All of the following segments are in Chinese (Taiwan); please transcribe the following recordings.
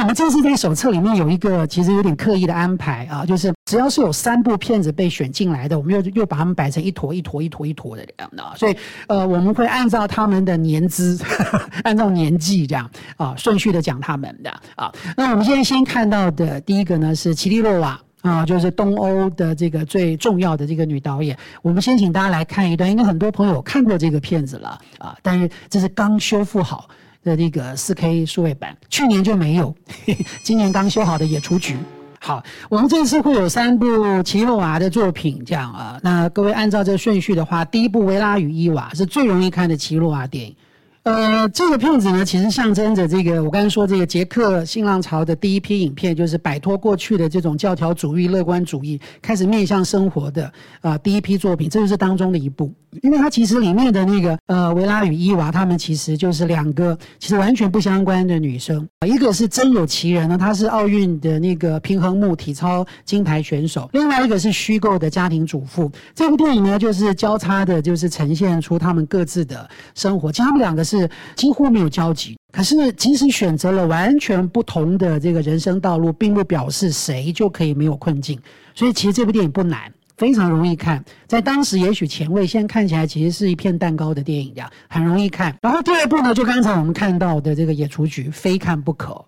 我們這次在手冊裡面有一個其實有點刻意的安排啊，就是只要是有三部片子被選進來的，我們又又把它們擺成一坨一坨一坨一坨，一坨的這樣的啊。所以呃，我們會按照他們的年資，呵呵按照年紀這樣啊順序的講他們的啊。那我們現在先看到的第一個呢是齊蒂洛瓦啊，就是東歐的這個最重要的這個女導演。我們先請大家來看一段，因為很多朋友看過這個片子了啊，但是這是剛修復好。的那個 4K 數位版，去年就沒有，嘿嘿，今年剛修好的野雛菊。好，我們這次會有三部齊蒂洛瓦的作品，這樣啊，那各位按照這順序的話，第一部《維拉與伊娃》是最容易看的齊蒂洛瓦電影。呃，這個片子呢，其實象徵着這個我剛才說這個捷克新浪潮的第一批影片，就是擺脫過去的這種教條主義、樂觀主義，開始面向生活的啊、呃、第一批作品，這就是當中的一部。因為它其實裡面的那個呃維拉與伊娃，他們其實就是兩個其實完全不相關的女生，一個是真有其人呢，她是奧運的那個平衡木體操金牌選手，另外一個是虛構的家庭主婦。這部、個、電影呢，就是交叉的，就是呈現出他們各自的生活。其實他們兩個是。幾乎沒有交集。可是，即使選擇了完全不同的這個人生道路，並不表示誰就可以沒有困境。所以，其實這部電影不難，非常容易看。在當時也許前衛，現在看起來其實是一片蛋糕的電影這樣很容易看。然後第二部呢，就剛才我們看到的這個《野雛菊》，非看不可。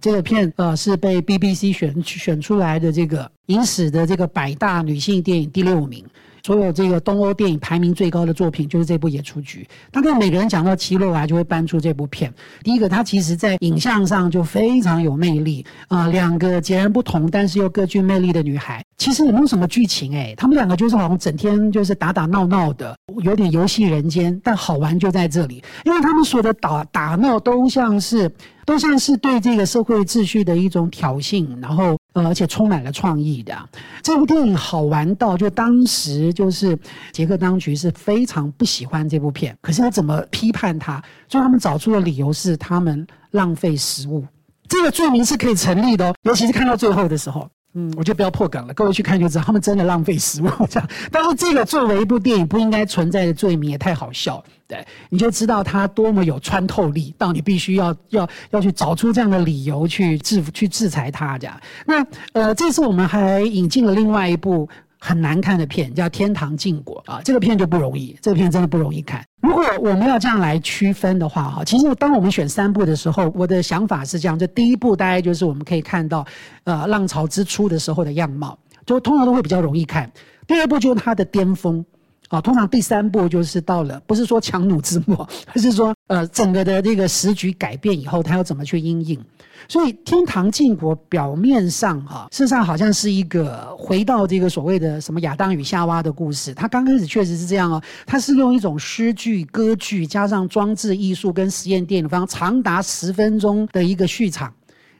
這個片呃是被 BBC 選選出來的這個影史的這個百大女性電影第六名。所有這個東歐電影排名最高的作品就是這部《野雛菊》。大概每個人講到齊蒂洛瓦就會搬出這部片。第一個，它其實在影像上就非常有魅力啊，呃，兩個截然不同但是又各具魅力的女孩，其實也沒有什麼劇情誒、欸，他們兩個就是好像整天就是打打鬧鬧的，有點遊戲人間，但好玩就在這裡，因為他們所有的打打鬧都像是都像是對這個社會秩序的一種挑釁，然後。呃，而且充滿了創意的啊，這部電影好玩到就當時就是捷克當局是非常不喜歡這部片，可是要怎麼批判它？所以他們找出的理由是他們浪費食物，這個罪名是可以成立的哦，尤其是看到最後的時候。嗯，我就不要破梗了。各位去看就知道，他們真的浪費食物這樣。但是這個作為一部電影不應該存在的罪名也太好笑了，對，你就知道它多麼有穿透力，到你必須要要要去找出這樣的理由去製去制裁它這樣。那呃，這次我們還引進了另外一部。很難看的片叫《天堂禁果》啊，這個片就不容易，這個片真的不容易看。如果我們要這樣來區分的話哈，其實當我們選三部的時候，我的想法是這樣，就第一部大概就是我們可以看到，呃，浪潮之初的時候的樣貌，就通常都會比較容易看，第二部就是它的巔峰。啊、哦，通常第三步就是到了，不是說強弩之末，而是說呃，整個的這個時局改變以後，他要怎麼去因應。所以，天堂禁果表面上哈，事實、啊、上好像是一個回到這個所謂的什麼亞當與夏娃的故事，他剛開始確實是這樣哦，他是用一種詩句歌劇加上裝置藝術跟實驗電影方，非常長達十分鐘的一個序場。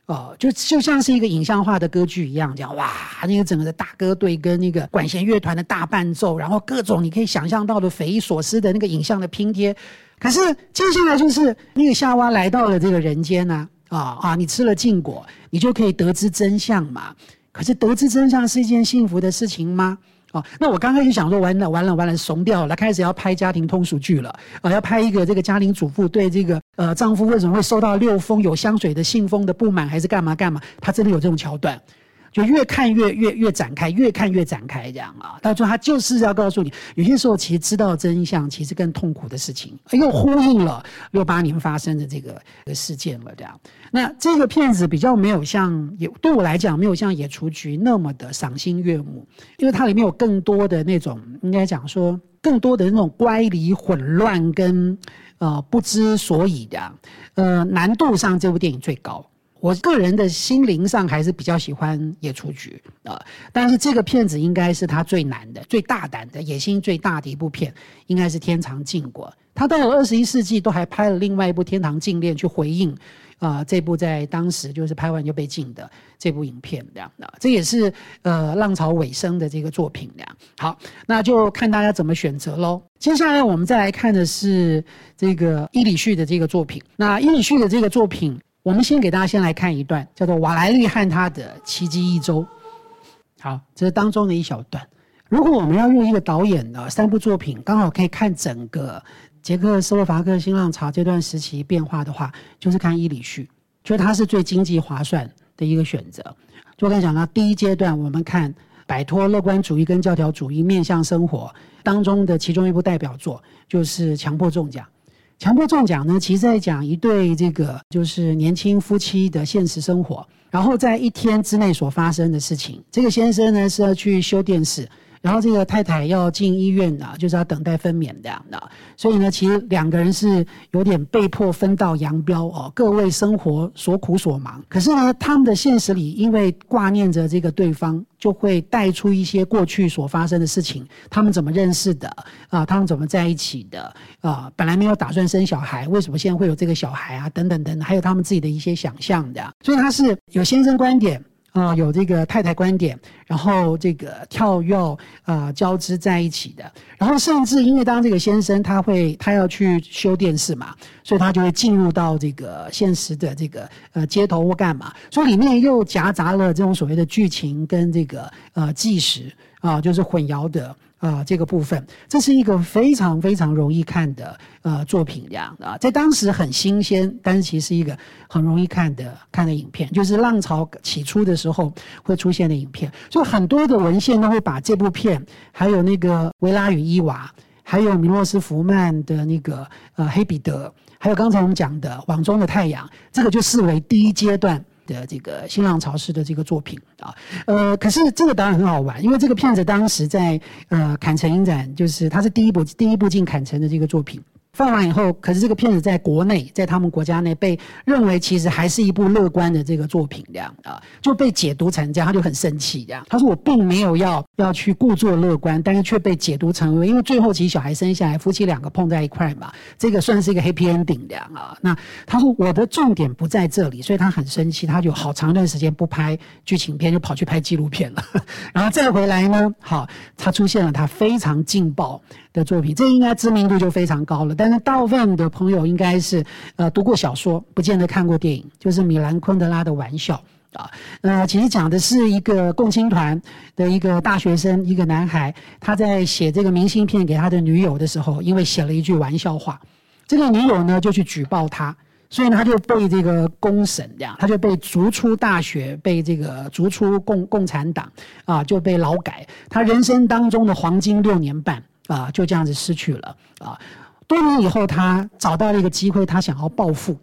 哦，就就像是一個影像化的歌劇一樣，這樣哇，那個整個的大歌隊跟那個管弦樂團的大伴奏，然後各種你可以想象到的匪夷所思的那個影像的拼貼。可是接下來就是那個夏娃來到了這個人間呢、啊，啊、哦、啊，你吃了禁果，你就可以得知真相嘛。可是得知真相是一件幸福的事情嗎？哦，那我剛開始想說完了完了完了，慫掉了，開始要拍家庭通俗劇了啊，呃，要拍一個這個家庭主婦對這個呃丈夫為什麼會收到六封有香水的信封的不滿，還是幹嘛幹嘛？他真的有這種橋段？就越看越越越展開，越看越展開，這樣啊。他說他就是要告訴你，有些時候其實知道真相，其實更痛苦的事情，又呼應了六八年發生的這個、這個、事件了。這樣，那這個片子比較沒有像，也對我來講沒有像《野雛菊》那麼的賞心悅目，因為它裡面有更多的那種，應該講說更多的那種乖離、混亂跟、呃、不知所以的，呃，難度上這部電影最高。我個人的心靈上還是比較喜歡野出局《野雛菊》啊，但是這個片子應該是他最難的、最大膽的、野心最大的一部片，應該是《天堂禁果》。他到了二十一世紀都還拍了另外一部《天堂禁戀》去回應啊、呃，這部在當時就是拍完就被禁的這部影片，這樣的、呃，這也是呃浪潮尾聲的這個作品這樣。好，那就看大家怎麼選擇嘍。接下來我們再來看的是這個伊里敘的這個作品。那伊里敘的這個作品。我們先給大家先來看一段，叫做《瓦萊利和她的奇蹟一周》。好，這是當中的一小段。如果我們要用一個導演的三部作品，剛好可以看整個捷克斯洛伐克新浪潮這段時期變化的話，就是看《伊里敘》，就是它是最經濟划算的一個選擇。就剛才講到，第一階段我們看擺脫樂觀主義跟教條主義，面向生活當中的其中一部代表作就是《強迫中獎》。《強迫中獎》呢，其實在講一對這個就是年輕夫妻的現實生活，然後在一天之內所發生的事情。這個先生呢是要去修電視。然後這個太太要進醫院啊，就是要等待分娩這樣的，所以呢，其實兩個人是有點被迫分道揚鑣哦，各為生活所苦所忙。可是呢，他們的現實裡，因為掛念着這個對方，就會帶出一些過去所發生的事情，他們怎麼認識的啊、呃？他們怎麼在一起的啊、呃？本來沒有打算生小孩，為什麼現在會有這個小孩啊？等等等等，還有他們自己的一些想象的，所以他是有先生觀點。啊、嗯，有這個太太觀點，然後這個跳躍啊、呃、交織在一起的，然後甚至因為當這個先生他會他要去修電視嘛，所以他就會進入到這個現實的這個呃街頭或幹嘛，所以裡面又夾雜了這種所謂的劇情跟這個呃紀實。啊，就是混淆的啊，這個部分，這是一個非常非常容易看的呃作品這樣的、啊，在當時很新鮮，但是其實是一個很容易看的看的影片，就是浪潮起初的時候會出現的影片，所以很多的文獻都會把這部片，還有那個維拉與伊娃，還有米洛斯福曼的那個呃黑彼得，還有剛才我們講的網中的太陽，這個就視為第一階段，的這個新浪潮式的這個作品啊，呃，可是這個當然很好玩，因為這個片子當時在呃坎城影展，就是他是第一部第一部進坎城的這個作品。放完以後，可是這個片子在國內，在他們國家呢，被認為其實還是一部樂觀的這個作品，這樣啊，就被解讀成這樣，他就很生氣，這樣他說我並沒有要要去故作樂觀，但是卻被解讀成為，因為最後其實小孩生下來，夫妻兩個碰在一塊嘛，這個算是一個 Happy Ending 啊。那他說我的重點不在這裡，所以他很生氣，他有好長一段時間不拍劇情片，就跑去拍紀錄片了，然後再回來呢，好，他出現了他非常勁爆的作品，這應該知名度就非常高了，但。那大部分的朋友應該是，呃，讀過小說，不見得看過電影。就是米蘭昆德拉的玩笑啊，呃，其實講的是一個共青團的一個大學生，一個男孩，他在寫這個明信片給他的女友的時候，因為寫了一句玩笑話，這個女友呢就去舉報他，所以呢他就被這個公審，這樣他就被逐出大學，被這個逐出共共產黨啊，就被勞改，他人生當中的黃金六年半啊，就這樣子失去了啊。多年以後，他找到了一個機會，他想要報復，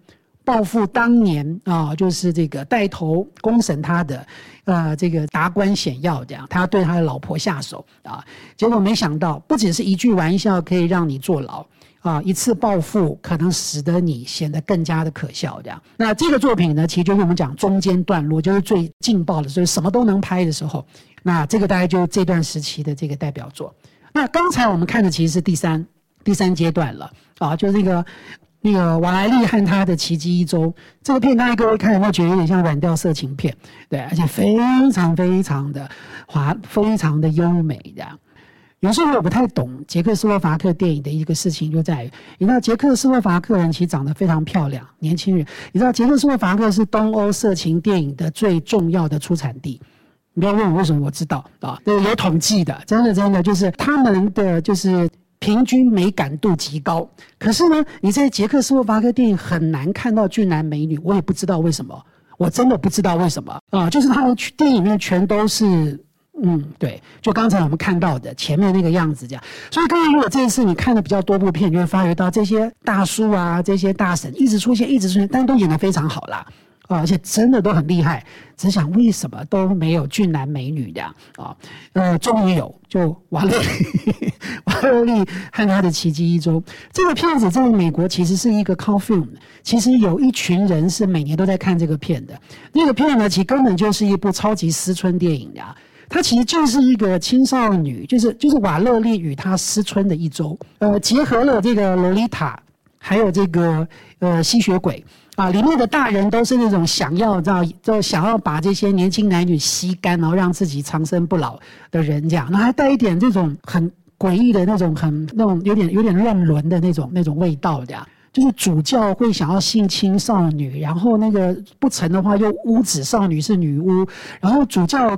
報復當年啊、哦，就是這個帶頭公審他的，呃，這個達官顯要這樣，他對他的老婆下手啊。結果沒想到，不只是一句玩笑可以讓你坐牢啊，一次報復可能使得你顯得更加的可笑這樣。那這個作品呢，其實就是我們講中間段落，就是最勁爆的，就是什麼都能拍的時候。那這個大概就是這段時期的這個代表作。那剛才我們看的其實是第三。第三階段了啊，就是那個那個瓦萊莉和她的奇蹟一周這個片，大家各位看有沒有覺得有點像軟調色情片？對，而且非常非常的華，非常的優美的。有時候我不太懂捷克斯洛伐克電影的一個事情，就在於你知道捷克斯洛伐克人其實長得非常漂亮，年輕人。你知道捷克斯洛伐克是東歐色情電影的最重要的出產地。你不要問我為什麼，我知道啊，有統計的，真的真的就是他們的就是。平均美感度極高，可是呢，你在捷克斯洛伐克電影很難看到俊男美女，我也不知道為什麼，我真的不知道為什麼啊，就是他們電影裡面全都是，嗯，對，就剛才我們看到的前面那個樣子這樣。所以，剛剛如果這一次你看的比較多部片，你就會發覺到這些大叔啊，這些大神一直出現，一直出現，但都演得非常好啦。而且真的都很厲害，只想為什麼都沒有俊男美女的啊？呃，終於有，就瓦洛利， 瓦洛利和他的奇蹟一周。這個片子在美國其實是一個 c o n f i r m 其實有一群人是每年都在看這個片的。那個片呢，其實根本就是一部超級思春電影的、啊，它其實就是一個青少女，就是就是瓦洛利與她思春的一周，呃，結合了這個洛麗塔，還有這個呃吸血鬼。啊，裡面的大人都是那種想要讓，就想要把這些年輕男女吸乾，然後讓自己長生不老的人，這樣，然後還帶一點這種很詭異的那種，很那種有點有點亂倫的那種那種味道的。就是主教會想要性侵少女，然後那個不成的話又誣指少女是女巫，然後主教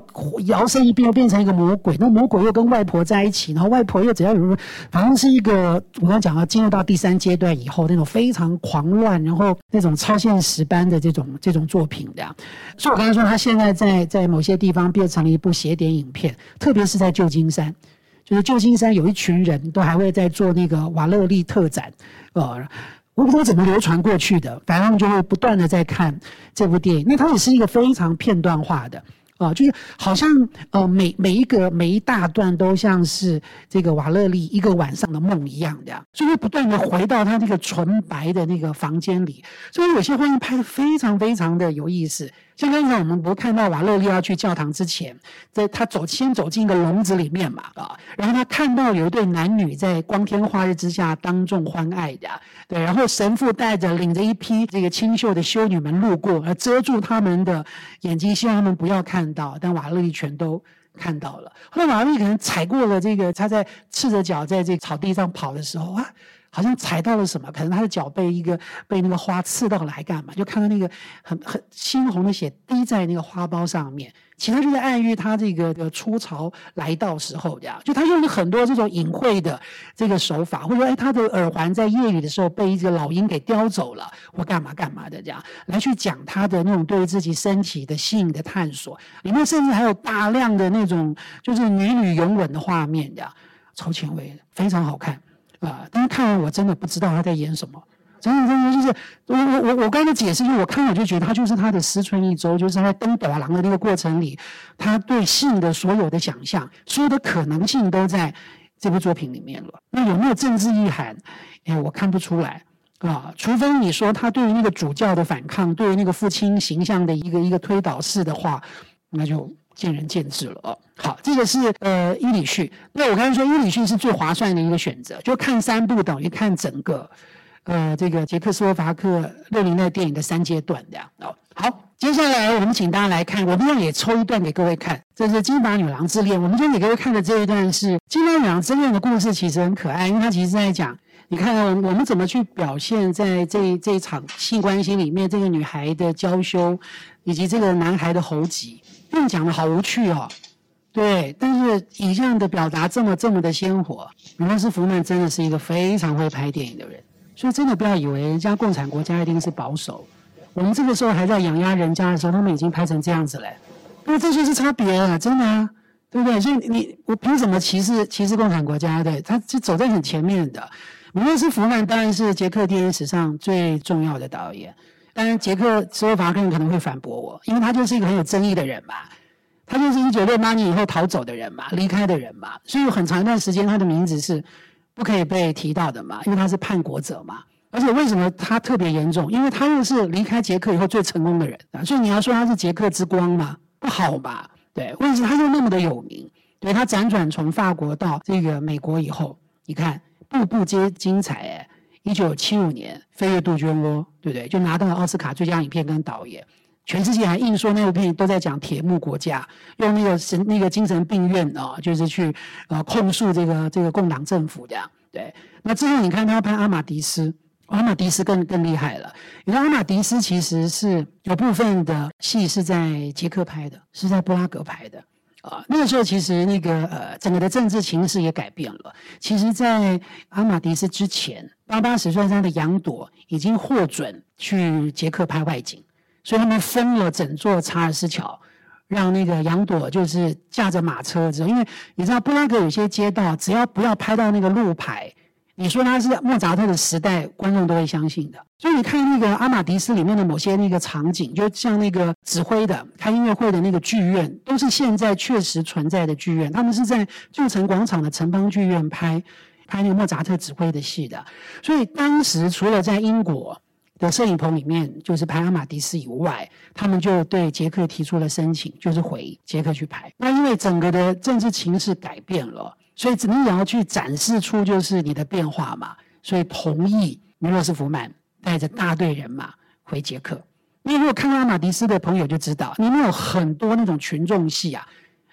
搖身一變又變成一個魔鬼，那魔鬼又跟外婆在一起，然後外婆又只要什麼，反正是一個我剛講了，進入到第三階段以後那種非常狂亂，然後那種超現實般的這種這種作品的、啊。所以我剛才說他現在在在某些地方變成了一部邪典影片，特別是在舊金山，就是舊金山有一群人都還會在做那個瓦樂莉特展，呃我不知道怎麼流傳過去的，反正他們就會不斷的在看這部電影。那它也是一個非常片段化的啊、呃，就是好像呃每每一個每一大段都像是這個瓦樂莉一個晚上的夢一樣的，就會不斷的回到他那個純白的那個房間裡。所以有些畫面拍的非常非常的有意思。像剛才我們不是看到瓦樂莉要去教堂之前，在他走先走進一個籠子裡面嘛，啊，然後他看到有一對男女在光天化日之下當眾歡愛的，對，然後神父帶着領着一批這個清秀的修女們路過，而遮住他們的眼睛，希望他們不要看到，但瓦樂莉全都看到了。後來瓦樂莉可能踩過了這個，他在赤着腳在這個草地上跑的時候啊。好像踩到了什麼，可能他的腳被一個被那個花刺到了，還幹嘛？就看到那個很很猩紅的血滴在那個花苞上面。其實他就在暗喻他這個初、這個初潮來到時候，這樣就他用了很多這種隱晦的這個手法，或者說，哎，他的耳環在夜裡的時候被一隻老鷹給叼走了，或幹嘛幹嘛的，這樣來去講他的那種對於自己身體的性的探索。裡面甚至還有大量的那種就是女女擁吻的畫面，這樣超前衛，非常好看。啊！但是看完我真的不知道他在演什麼，真的真的就是我我我我剛才解釋，就我看我就覺得他就是他的《思春一周》，就是他在登島郎的那個過程裡，他對性的所有的想象、所有的可能性都在這部作品裡面了。那有沒有政治意涵？哎，我看不出來啊，除非你說他對於那個主教的反抗，對於那個父親形象的一個一個推導式的話，那就。見仁見智了哦。好，這個是呃伊里敘。那我剛才說伊里敘是最划算的一個選擇，就看三部等於看整個，呃這個捷克斯洛伐克六零年代電影的三階段的哦、啊。好，接下來我們請大家來看，我同樣也抽一段給各位看，這是《金髮女郎之戀》。我們今天給各位看的這一段是《金髮女郎之戀》的故事，其實很可愛，因為它其實在講，你看我我們怎麼去表現在這這一場性關係裡面，這個女孩的嬌羞，以及這個男孩的猴急。這樣講的好無趣哦，對，但是以這樣的表達這麼這麼的鮮活，米洛斯福曼真的是一個非常會拍電影的人，所以真的不要以為人家共產國家一定是保守，我們這個時候還在養鴨人家的時候，他們已經拍成這樣子嘞，那這就是差別啊，真的啊，對不對？所以你我憑什麼歧視歧視共產國家？對，他走在很前面的，米洛斯福曼當然是捷克電影史上最重要的導演。當然，捷克斯洛伐克人可能會反駁我，因為他就是一個很有爭議的人嘛。他就是1968年以後逃走的人嘛，離開的人嘛，所以有很長一段時間他的名字是不可以被提到的嘛，因為他是叛國者嘛。而且為什麼他特別嚴重？因為他又是離開捷克以後最成功的人啊，所以你要說他是捷克之光嘛，不好吧？對，為什麼他又那麼的有名，對，他輾轉從法國到這個美國以後，你看，步步皆精彩，欸一九七五年，《飛越杜鵑窩》，對不對？就拿到了奧斯卡最佳影片跟導演。全世界還硬說那部片都在講鐵幕國家，用那個神那個精神病院哦，就是去呃控訴這個這個共黨政府這樣。對，那之後你看他要拍《阿馬迪斯》，《阿馬迪斯》更更厲害了，因為《阿馬迪斯》其實是有部分的戲是在捷克拍的，是在布拉格拍的。啊、哦，那個時候其實那個呃，整個的政治情勢也改變了。其實，在阿馬迪斯之前，芭芭拉史翠珊的楊朵已經獲准去捷克拍外景，所以他們封了整座查爾斯橋，讓那個楊朵就是駕着馬車走。因為你知道布拉格有些街道，只要不要拍到那個路牌，你說他是莫扎特的時代，觀眾都會相信的。所以你看那個《阿馬迪斯》裡面的某些那個場景，就像那個指揮的開音樂會的那個劇院，都是現在確實存在的劇院。他們是在舊城廣場的城邦劇院拍，拍那個莫扎特指揮的戲的。所以當時除了在英國的攝影棚裡面就是拍《阿馬迪斯》以外，他們就對捷克提出了申請，就是回捷克去拍。那因為整個的政治情勢改變了。所以，你也要去展示出就是你的變化嘛。所以，同意米洛斯福曼帶着大隊人馬回捷克。你如果看到阿瑪迪斯的朋友就知道，裡面有很多那種群眾戲啊。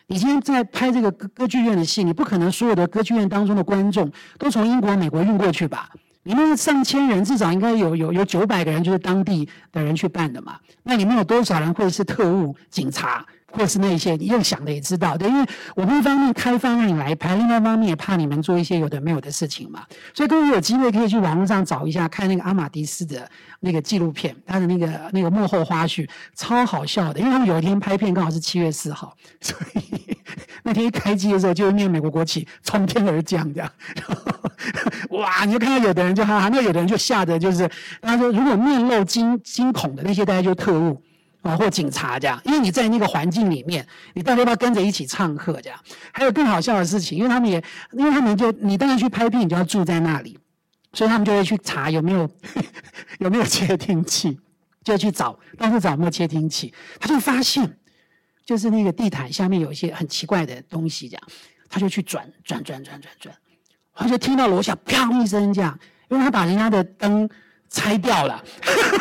你今天在拍這個歌劇院的戲，你不可能所有的歌劇院當中的觀眾都從英國、美國運過去吧？裡面上千人，至少應該有有有九百個人就是當地的人去辦的嘛。那裡面有多少人會是特務、警察？或是那些，你用想的也知道，的，因為我們一方面開放讓你來拍，另外一方面也怕你們做一些有的沒有的事情嘛。所以各位有機會可以去網路上找一下，看那個阿瑪迪斯的那個紀錄片，他的那個那個幕後花絮，超好笑的。因為他們有一天拍片剛好是七月四號，所以那天一開機的時候就念美國國旗從天而降這樣，然後，哇！你就看到有的人就哈哈，那有的人就嚇得就是，他說如果面露驚驚恐的那些，大家就特務。保護警察這樣，因為你在那個環境裡面，你到時候要不要跟着一起唱歌這樣。還有更好笑的事情，因為他們也，因為他們就，你當然去拍片，你就要住在那裡，所以他們就會去查有沒有、有沒有竊聽器，就去找，到處找有沒有竊聽器。他就發現，就是那個地毯下面有一些很奇怪的東西這樣，他就去轉轉轉轉轉轉，他就聽到樓下啪一聲這樣，因為他把人家的燈拆掉了。哈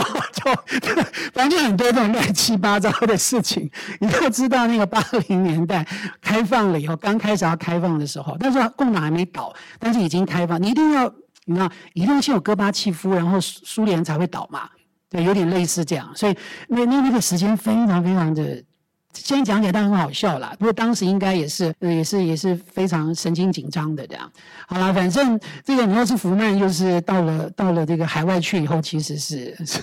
哈哈。 反正很多這種亂七八糟的事情，你要知道那個八零年代開放了以後，剛開始要開放的時候，那時候共黨還沒倒，但是已經開放，你一定要，你知道，一定要先有戈巴契夫，然後蘇聯才會倒嘛，對，有點類似這樣，所以那那那個時間非常非常的。先講起來，但很好笑了。不過當時應該也是，也是也是非常神經緊張的這樣。好了，反正這個米洛斯福曼，就是到了到了這個海外去以後，其實是，是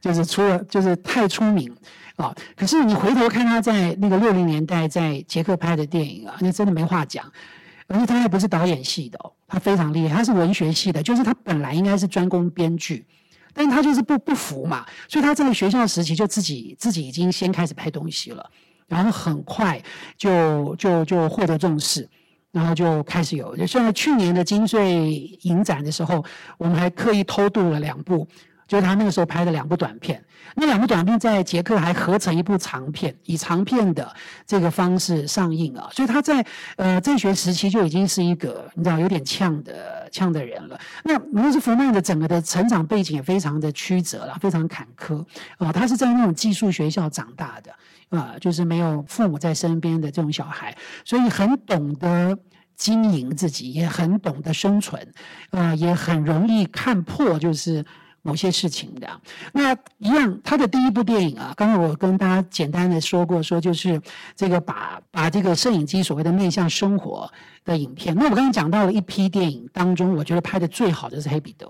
就是出了就是太出名啊。可是你回頭看他在那個六零年代在捷克拍的電影啊，那真的沒話講。而且他還不是導演系的哦，他非常厲害，他是文學系的，就是他本來應該是專攻編劇。但他就是不不服嘛，所以他在這個學校時期就自己自己已經先開始拍東西了，然後很快就就就獲得重視，然後就開始有，就像去年的金穗影展的時候，我們還刻意偷渡了兩部。就是他那個時候拍的兩部短片，那兩部短片在捷克還合成一部長片，以長片的這個方式上映啊。所以他在呃在學時期就已經是一個你知道有點嗆的嗆的人了。那羅斯福曼的整個的成長背景也非常的曲折了，非常坎坷啊、呃。他是在那種寄宿學校長大的啊、呃，就是沒有父母在身邊的這種小孩，所以很懂得經營自己，也很懂得生存啊、呃，也很容易看破就是。某些事情的那一樣，他的第一部電影啊，剛剛我跟大家簡單的說過，說就是這個把把這個攝影機所謂的面向生活的影片。那我剛剛講到了一批電影當中，我覺得拍的最好的就是《黑彼得》。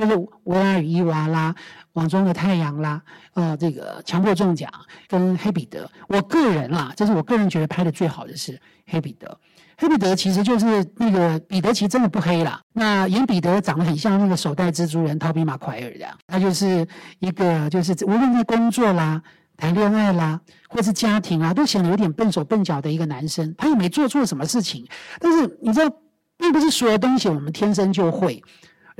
就是《維拉與伊娃》啦，《網中的太陽》啦，啊、呃，這個強迫中獎跟《黑彼得》。我個人啦、啊，這是我個人覺得拍得最好的是黑彼得《黑彼得》。《黑彼得》其實就是那個彼得，其實真的不黑啦。那演彼得長得很像那個首代蜘蛛人陶比馬奎爾的，他就是一個就是無論是工作啦、談戀愛啦，或是家庭啊，都顯得有點笨手笨腳的一個男生。他也沒做錯什麼事情，但是你知道，並不是所有東西我們天生就會。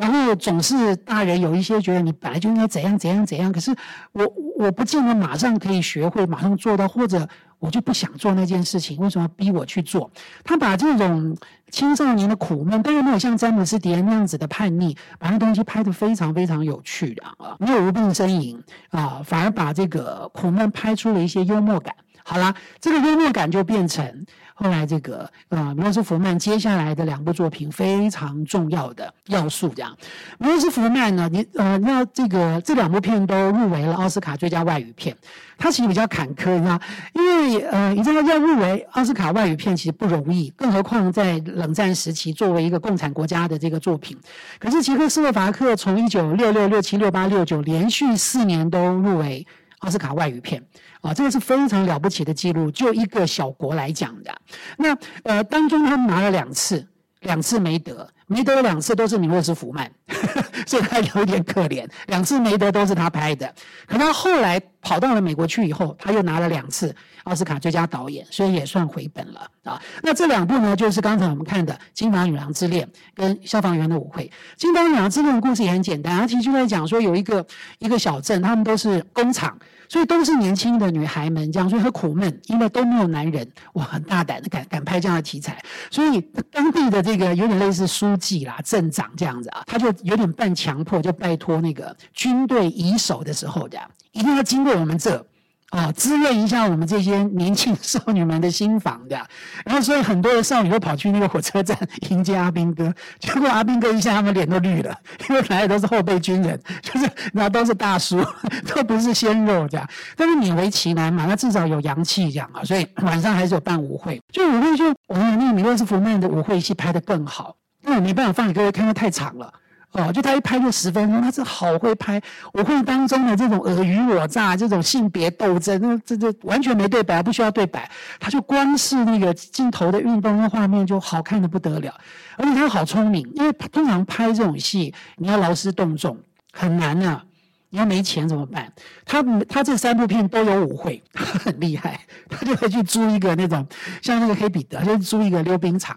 然後總是大人有一些覺得你本來就應該怎樣怎樣怎樣，可是我我不見得馬上可以學會馬上做到，或者我就不想做那件事情，為什麼要逼我去做？他把這種青少年的苦悶，當然沒有像詹姆斯·迪恩那樣子的叛逆，把那東西拍得非常非常有趣的，啊沒有無病呻吟啊，反而把這個苦悶拍出了一些幽默感。好了，這個幽默感就變成。後來這個呃、米洛斯福曼接下來的兩部作品非常重要的要素這樣，米洛斯福曼呢，你呃，那這個這兩部片都入圍了奧斯卡最佳外語片，它其實比較坎坷，你知道，因為呃，你知道要入圍奧斯卡外語片其實不容易，更何況在冷戰時期作為一個共產國家的這個作品，可是捷克斯洛伐克從一九六六、六七、六八、六九連續四年都入圍奧斯卡外語片。啊、哦，這個是非常了不起的記錄，就一個小國來講的。那呃，當中他們拿了兩次，兩次沒得，沒得兩次都是米洛斯福曼，呵呵，所以他有一點可憐，兩次沒得都是他拍的。可他後來跑到了美國去以後，他又拿了兩次奧斯卡最佳導演，所以也算回本了啊。那這兩部呢，就是剛才我們看的《金髮女郎之戀》跟《消防員的舞會》。《金髮女郎之戀》的故事也很簡單，它、啊、其實就在講說有一個一個小鎮，他們都是工廠。所以都是年輕的女孩們這樣，所以很苦悶，因為都沒有男人。我很大膽的敢敢拍這樣的題材，所以當地的這個有點類似書記啦、鎮長這樣子啊，他就有點半強迫，就拜託那個軍隊移守的時候，這樣一定要經過我們這。啊、哦，滋潤一下我們這些年輕少女們的心房這樣。然後所以很多的少女都跑去那個火車站迎接阿兵哥，結果阿兵哥一下他們臉都綠了，因為來的都是後備軍人，就是然後都是大叔，都不是鮮肉這樣，但是勉為其難嘛，那至少有陽氣這樣啊，所以晚上還是有辦舞會，就舞會就，我、嗯、那米洛斯福曼的舞會戲拍得更好，那沒辦法放給各位看，因為太長了。哦，就他一拍就十分鐘，他是好會拍舞會當中的這種爾虞我詐、這種性別鬥爭，那這這完全沒對白，不需要對白，他就光是那個鏡頭的運動跟畫面就好看得不得了。而且他好聰明，因為他通常拍這種戲你要勞師動眾很難啊。你要沒錢怎麼辦？他他這三部片都有舞會，他很厲害，他就會去租一個那種像那個黑彼得就租一個溜冰場，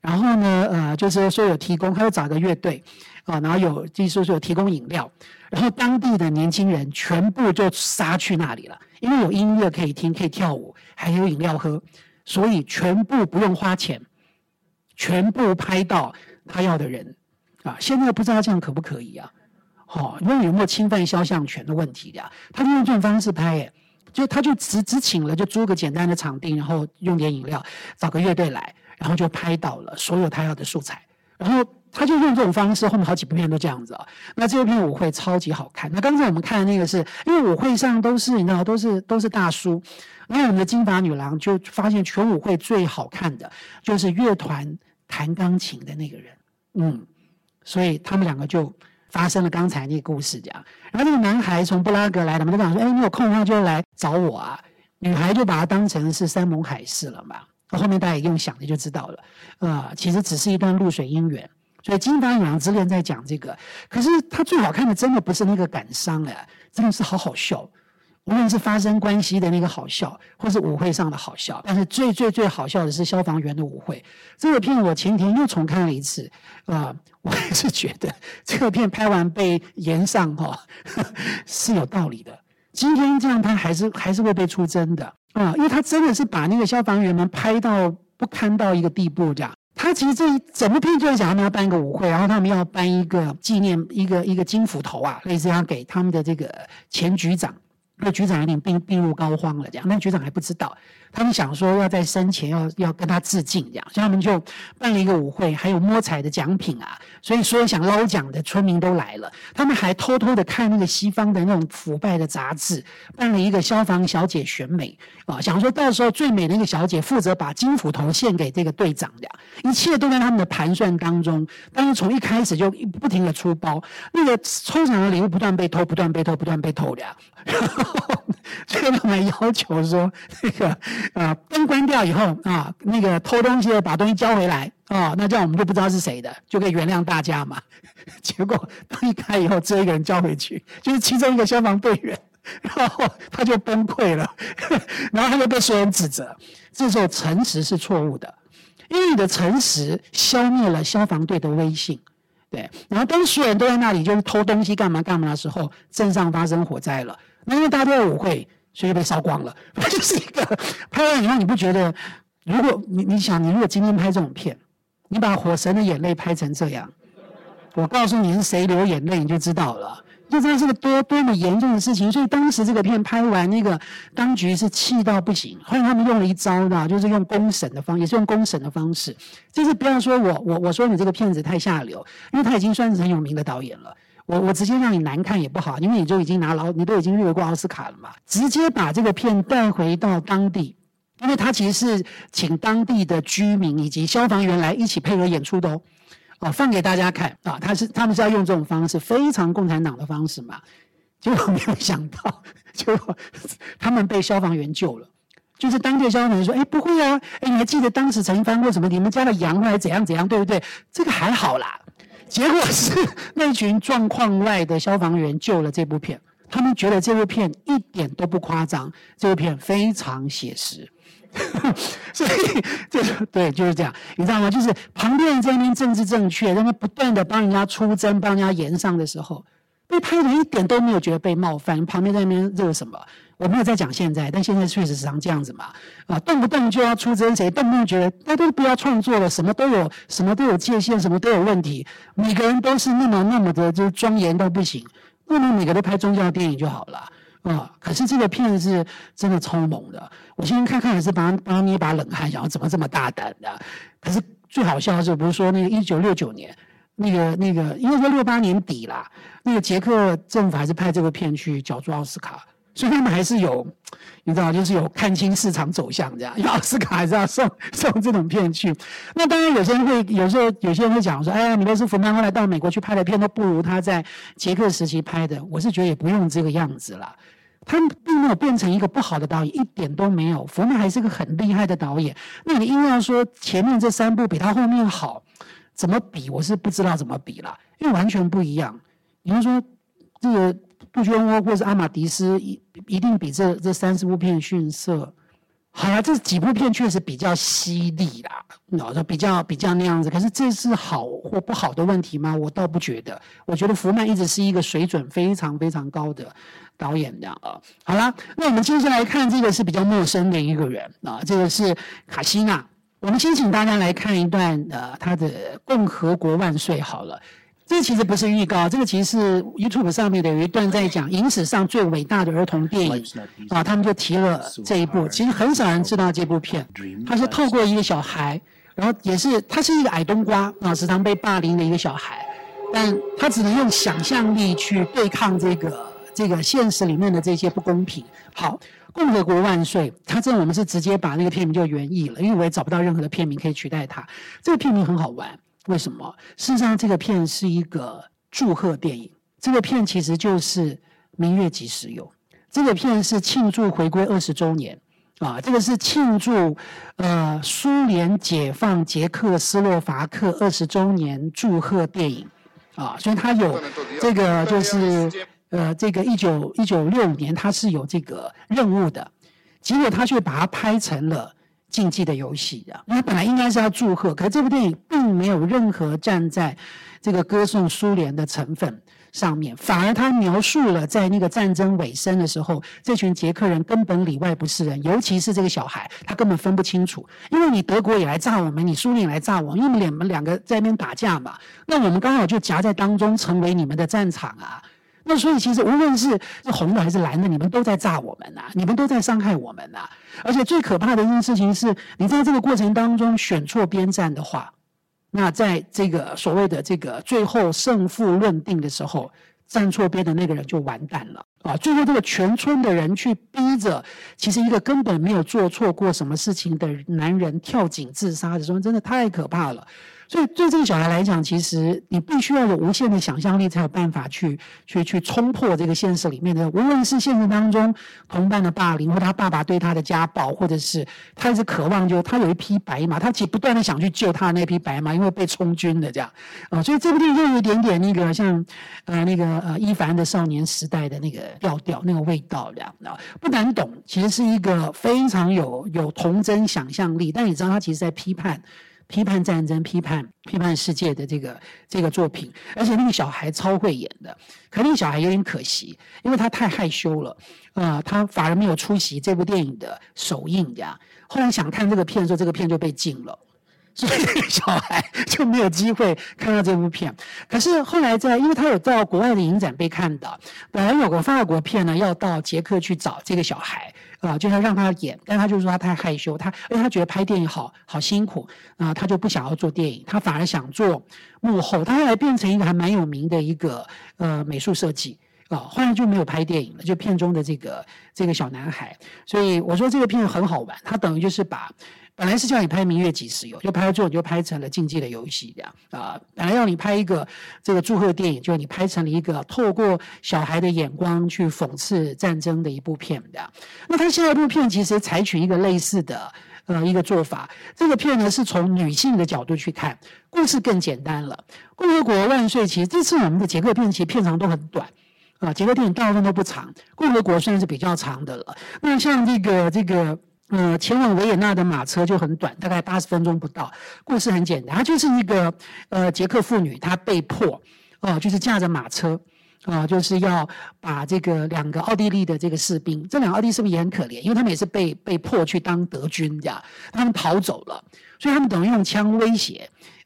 然後呢呃，就是說有提供，他就找個樂隊。啊，然後有就是說提供飲料，然後當地的年輕人全部就殺去那裡了，因為有音樂可以聽，可以跳舞，還有飲料喝，所以全部不用花錢，全部拍到他要的人。啊，現在不知道這樣可不可以呀、啊？哦，有有沒有侵犯肖像權的問題呀、啊？他就用這種方式拍，就他就只只請了，就租個簡單的場地，然後用點飲料，找個樂隊來，然後就拍到了所有他要的素材。然後他就用這種方式，後面好幾部片都這樣子啊。那這部片舞會超級好看。那剛才我們看的那個是因為舞會上都是，你知道都是都是大叔，因為我們的金髮女郎就發現全舞會最好看的就是樂團彈鋼琴的那個人，嗯，所以他們兩個就發生了剛才那個故事這樣。然後那個男孩從布拉格來的，他們就講說，哎，你有空的話就來找我啊。女孩就把他當成是山盟海誓了嘛。後面大家也用想，你就知道了，呃，其實只是一段露水姻緣。所以《金髮女郎之戀》在講這個，可是它最好看的，真的不是那個感傷嘞，真的是好好笑。無論是發生關係的那個好笑，或是舞會上的好笑，但是最最最好笑的是消防員的舞會。這個片我前天又重看了一次，啊、呃，我還是覺得這個片拍完被炎上哈是有道理的。今天這樣，拍還是還是會被出征的。啊、嗯，因為他真的是把那個消防員們拍到不堪到一個地步，這樣，他其實這一整個片就是想要他們辦一個舞會，然後他們要頒一個紀念一個一個金斧頭啊，類似要給他們的這個前局長，那局長有點病病入膏肓了，這樣，那局長還不知道。他們想說要在生前要要跟他致敬這樣，所以他們就辦了一個舞會，還有摸彩的獎品啊，所以說想撈獎的村民都來了。他們還偷偷的看那個西方的那種腐敗的雜誌，辦了一個消防小姐選美啊，想說到時候最美的那個小姐負責把金斧頭獻給這個隊長這樣。一切都在他們的盤算當中，但是從一開始就不停的出包，那個抽獎的禮物不斷被偷，不斷被偷，不斷被偷，不斷被偷的這樣。 所以他們還要求說，那個啊、呃、燈關掉以後啊，那個偷東西的把東西交回來啊，那這樣我們就不知道是誰的，就可以原諒大家嘛。結果燈一開以後，只有一個人交回去，就是其中一個消防隊員，然後他就崩潰了，然後他就被所有人指責，這時候誠實是錯誤的，因為你的誠實消滅了消防隊的威信。對，然後當時所有人都在那裡，就是偷東西幹嘛幹嘛的時候，鎮上發生火災了。那因為大家要舞會，所以被燒光了。不就是一個拍完以後，你不覺得，如果你你想，你如果今天拍這種片，你把火神的眼淚拍成這樣，我告訴你是誰流眼淚，你就知道了。不知道是個多多麼嚴重的事情，所以當時這個片拍完，那個當局是氣到不行。後來他們用了一招的，就是用公審的方，也是用公審的方式，就是不要說我我我說，你這個片子太下流。因為他已經算是很有名的導演了，我我直接讓你難看也不好，因為你就已經拿了，你都已經略過奧斯卡了嘛。直接把這個片帶回到當地，因為他其實是請當地的居民以及消防員來一起配合演出的哦。我、哦、放給大家看啊！他是他們是要用這種方式，非常共產黨的方式嘛。結果沒有想到，結果他們被消防員救了。就是當地的消防員說：“哎，不會啊，哎，你還記得當時曾翻過什麼你們家的羊還，還怎樣怎樣，對不對？這個還好啦。”結果是那群狀況外的消防員救了這部片，他們覺得這部片一點都不誇張，這部片非常寫實。 所以，對對，就是這樣，你知道嗎？就是旁邊在那邊政治正確，在那邊不斷的幫人家出征、幫人家炎上的時候，被拍的一點都沒有覺得被冒犯。旁邊在那邊熱什麼？我沒有在講現在，但現在確實時常這樣子嘛。啊，動不動就要出征誰，動不動覺得大家都不要創作了，什麼都有，什麼都有界限，什麼都有問題。每個人都是那麼那麼的，就是莊嚴到不行。不能每個人都拍宗教電影就好了。啊、哦！可是這個片子真的超猛的，我先看看還是幫幫你捏一把冷汗，想要怎麼這麼大膽的？可是最好笑的是，不是說那個一九六九年，那個那個，因為說六八年底啦，那個捷克政府還是派這個片去角逐奧斯卡。所以他們還是有，你知道，就是有看清市場走向這樣。奧斯卡還是要送送這種片去。那當然，有些人會，有時候有些人會講說：“哎呀，你比如說福曼後來到美國去拍的片都不如他在捷克時期拍的。”我是覺得也不用這個樣子了。他們並沒有變成一個不好的導演，一點都沒有。福曼還是個很厲害的導演。那你硬要說前面這三部比他後面好，怎麼比？我是不知道怎麼比了，因為完全不一樣。你就說這個。杜鵑窩或是阿瑪迪斯一一定比這這三十部片遜色，好了，這幾部片確實比較犀利啦，比較比較那樣子。可是這是好或不好的問題嗎？我倒不覺得。我覺得福曼一直是一個水準非常非常高的導演的啊。好了，那我們接下來看這個是比較陌生的一個人啊，這個是卡希納。我們先請大家來看一段呃他的《共和國萬歲》好了。這其實不是預告，這個其實是 YouTube 上面的有一段在講影史上最偉大的兒童電影，啊，他們就提了這一部，其實很少人知道這部片，它是透過一個小孩，然後也是他是一個矮冬瓜啊，時常被霸凌的一個小孩，但他只能用想象力去對抗這個這個現實裡面的這些不公平。好，共和國萬歲！他這我們是直接把那個片名就原譯了，因為我也找不到任何的片名可以取代他。這個片名很好玩。為什麼？事實上，這個片是一個祝賀電影。這個片其實就是《明月幾時有》。這個片是慶祝回歸二十周年啊，這個是慶祝呃蘇聯解放捷克斯洛伐克二十周年祝賀電影啊，所以它有這個就是呃這個一九一九六五年它是有這個任務的，結果它卻把它拍成了。競技的遊戲的、啊，那本來應該是要祝賀，可是這部電影並沒有任何站在這個歌頌蘇聯的成分上面，反而他描述了在那個戰爭尾聲的時候，這群捷克人根本裡外不是人，尤其是這個小孩，他根本分不清楚，因為你德國也來炸我們，你蘇聯也來炸我們，因為你們兩個在那邊打架嘛，那我們剛好就夾在當中，成為你們的戰場啊。那所以其實無論是是紅的還是藍的，你們都在炸我們吶、啊，你們都在傷害我們吶、啊。而且最可怕的一件事情是，你在這個過程當中選錯邊站的話，那在這個所謂的這個最後勝負論定的時候，站錯邊的那個人就完蛋了啊！最後這個全村的人去逼着，其實一個根本沒有做錯過什麼事情的男人跳井自殺的時候，真的太可怕了。所以對這個小孩來講，其實你必須要有無限的想象力，才有辦法去去去衝破這個現實裡面的，無論是現實當中同伴的霸凌，或他爸爸對他的家暴，或者是他一直渴望就，就他有一匹白馬，他其實不斷的想去救他的那匹白馬，因為被充軍的這樣啊、呃。所以這部電影又有一點點那個像呃那個呃伊凡的少年時代的那個調調，那個味道這樣。不難懂，其實是一個非常有有童真想象力，但你知道他其實在批判。批判戰爭、批判批判世界的這個這個作品，而且那個小孩超會演的，可那個小孩有點可惜，因為他太害羞了，啊、呃，他反而沒有出席這部電影的首映這樣。後來想看這個片的時候，這個片就被禁了，所以那個小孩就沒有機會看到這部片。可是後來在，因為他有到國外的影展被看到，本來有個法國片呢，要到捷克去找這個小孩。啊、呃，就是讓他演，但他就是說他太害羞，他，因為他覺得拍電影好好辛苦，啊，他就不想要做電影，他反而想做幕後，他後來變成一個還蠻有名的一個呃美術設計啊，後來就沒有拍電影了，就片中的這個這個小男孩，所以我說這個片子很好玩，他等於就是把。本來是叫你拍《明月幾時有》，就拍最後你就拍成了禁忌的遊戲的啊、呃。本來要你拍一個這個祝賀電影，就你拍成了一個透過小孩的眼光去諷刺戰爭的一部片的、呃。那他下一部片其實採取一個類似的呃一個做法，這個片呢是從女性的角度去看，故事更簡單了。《共和國萬歲》其實這次我們的捷克片其實片長都很短啊，捷、呃、克片大部分都不長，《共和國》雖然是比較長的了。那像這個這個。呃，前往維也納的馬車就很短，大概八十分鐘不到。故事很簡單，它就是一個呃捷克婦女，她被迫呃就是駕着馬車啊、呃，就是要把這個兩個奧地利的這個士兵，這兩個奧地利士兵也很可憐，因為他們也是被被迫去當德軍，這樣他們逃走了，所以他們等於用槍威脅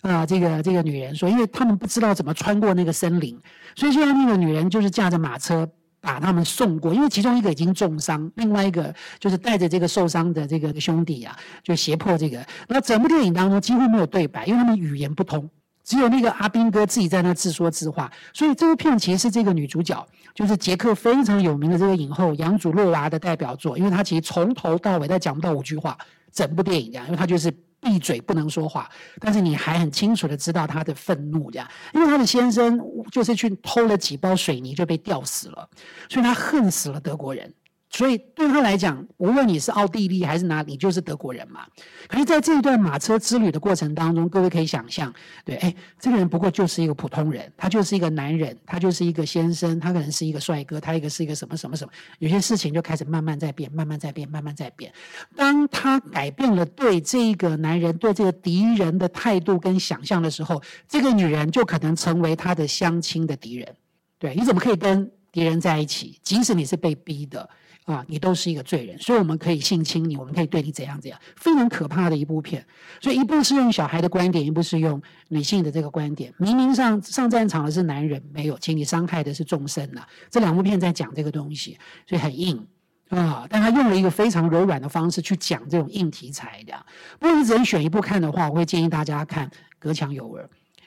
呃這個這個女人說，因為他們不知道怎麼穿過那個森林，所以現在那個女人就是駕着馬車。把他們送過，因為其中一個已經重傷，另外一個就是帶着這個受傷的這個兄弟啊，就脅迫這個。那整部電影當中幾乎沒有對白，因為他們語言不通，只有那個阿兵哥自己在那自說自話。所以這部片其實是這個女主角，就是捷克非常有名的這個影后楊祖洛娃的代表作，因為她其實從頭到尾她講不到五句話，整部電影這樣，因為她就是。閉嘴不能說話，但是你還很清楚的知道他的憤怒，這樣，因為他的先生就是去偷了幾包水泥就被吊死了，所以他恨死了德國人。所以對他來講，無論你是奧地利還是哪裡，就是德國人嘛。可是，在這一段馬車之旅的過程當中，各位可以想象，對，誒、哎、這個人不過就是一個普通人，他就是一個男人，他就是一個先生，他可能是一個帥哥，他一個是一個什麼什麼什麼。有些事情就開始慢慢在變，慢慢在變，慢慢在變。當他改變了對這個男人、對這個敵人的態度跟想象的時候，這個女人就可能成為他的相親的敵人。對，你怎麼可以跟敵人在一起？即使你是被逼的。啊，你都是一個罪人，所以我們可以性侵你，我們可以對你怎樣怎樣，非常可怕的一部片。所以一部是用小孩的觀點，一部是用女性的這個觀點。明明上上戰場的是男人，沒有，請你傷害的是眾生吶，啊。這兩部片在講這個東西，所以很硬啊，但他用了一個非常柔軟的方式去講這種硬題材的。如果你只能選一部看的話，我會建議大家看《隔牆有耳》，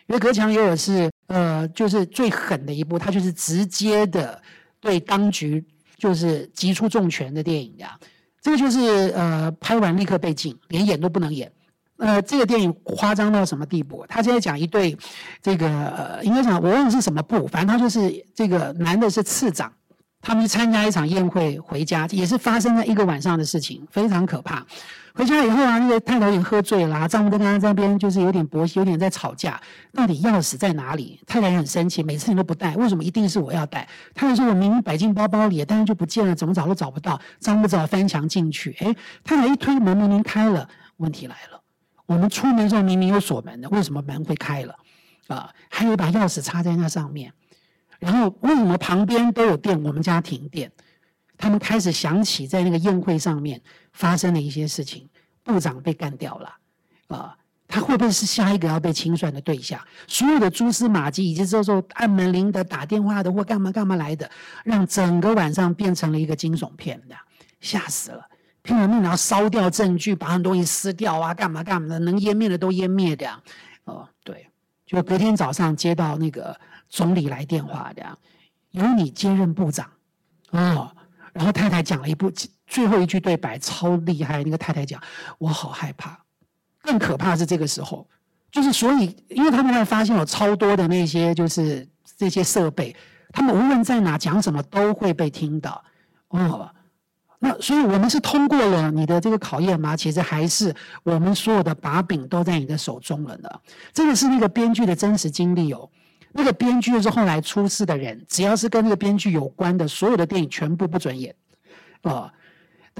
因為《隔牆有耳》是呃，就是最狠的一部，它就是直接的對當局。就是急出重拳的電影呀，這個就是呃，拍完立刻被禁，連演都不能演。呃，這個電影誇張到什麼地步？他現在講一對，這個呃，應該講，我忘了是什麼部，反正他就是這個男的是次長，他們去參加一場宴會回家，也是發生在一個晚上的事情，非常可怕。回家以後啊，那個太太有點喝醉了、啊。丈夫在跟她在那邊就是有點博熙，有點在吵架。到底鑰匙在哪裡？太太很生氣，每次你都不帶，為什麼一定是我要帶？太太說：“我明明擺進包包裡，但是就不見了，怎麼找都找不到。”丈夫只好翻牆進去。哎，太太一推門，明明開了，問題來了。我們出門的時候明明有鎖門的，為什麼門會開了？啊、呃，還有一把鑰匙插在那上面。然後為什麼旁邊都有電，我們家停電？他們開始想起在那個宴會上面。發生了一些事情，部長被幹掉了，啊、呃，他會不會是下一個要被清算的對象？所有的蛛絲馬跡，以及這時候按門鈴的、打電話的或幹嘛幹嘛來的，讓整個晚上變成了一個驚悚片的，嚇死了，拼了命，然後燒掉證據，把很多東西撕掉啊，幹嘛幹嘛的，能湮滅的都湮滅掉，哦、呃，對，就隔天早上接到那個總理來電話的，由你接任部長，哦，然後太太講了一部。最後一句對白超厲害，那個太太講：“我好害怕，更可怕的是這個時候，就是所以，因為他們發現有超多的那些，就是這些設備，他們無論在哪講什麼都會被聽到，哦，那所以我們是通過了你的這個考驗嗎？其實還是我們所有的把柄都在你的手中了呢。這個是那個編劇的真實經歷哦。那個編劇是後來出事的人，只要是跟那個編劇有關的，所有的電影全部不准演，哦。”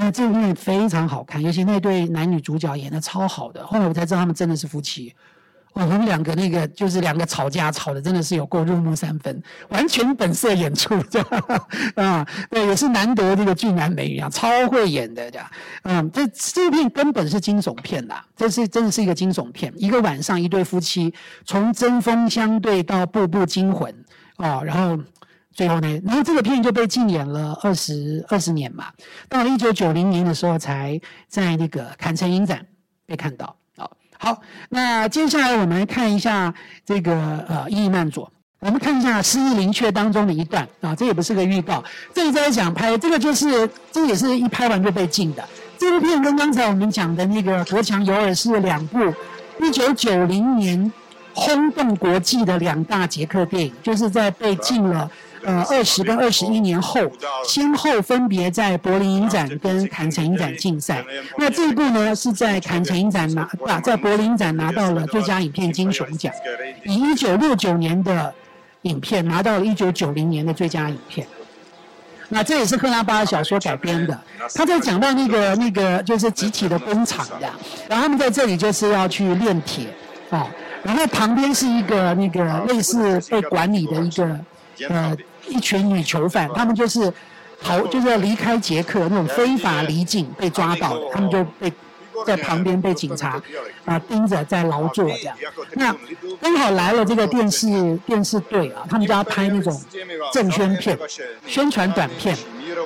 那、嗯、這部電影非常好看，尤其那對男女主角演的超好的。後來我才知道他們真的是夫妻，哦，他們兩個那個就是兩個吵架吵的真的是有夠入木三分，完全本色演出，啊、嗯，也是難得這個俊男美女啊，超會演的，這樣啊、嗯。這電影根本是驚悚片啦，這是真的是一個驚悚片，一個晚上一對夫妻從針鋒相對到步步驚魂，啊、哦，然後。最後呢，然後這個片就被禁演了二十二十年嘛，到了一九九零年的時候才在那個坎城影展被看到啊。好，那接下來我們來看一下這個呃《伊曼佐》，我們看一下《失翼靈雀》當中的一段啊，這也不是個預告，這一段講拍這個就是，這也是一拍完就被禁的。這部片跟剛才我們講的那個《隔牆有耳》是兩部一九九零年轟動國際的兩大捷克電影，就是在被禁了。呃，二十跟二十一年後，先後分別在柏林影展跟坎城影展競賽。那這一部呢是在坎城影展拿，啊，在柏林展拿到了最佳影片金熊獎。以一九六九年的影片拿到了一九九零年的最佳影片。那這也是赫拉巴的小說改編的。他在講到那個那個就是集體的工廠呀，然後他們在這裡就是要去煉鐵啊，然後旁邊是一個那個類似被管理的一個呃。一群女囚犯，他們就是逃，就是要離開捷克那種非法離境被抓到的，他們就被在旁邊被警察啊、呃、盯着在勞作這樣。那剛好來了這個電視電視隊啊，他們就要拍那種政宣片、宣傳短片，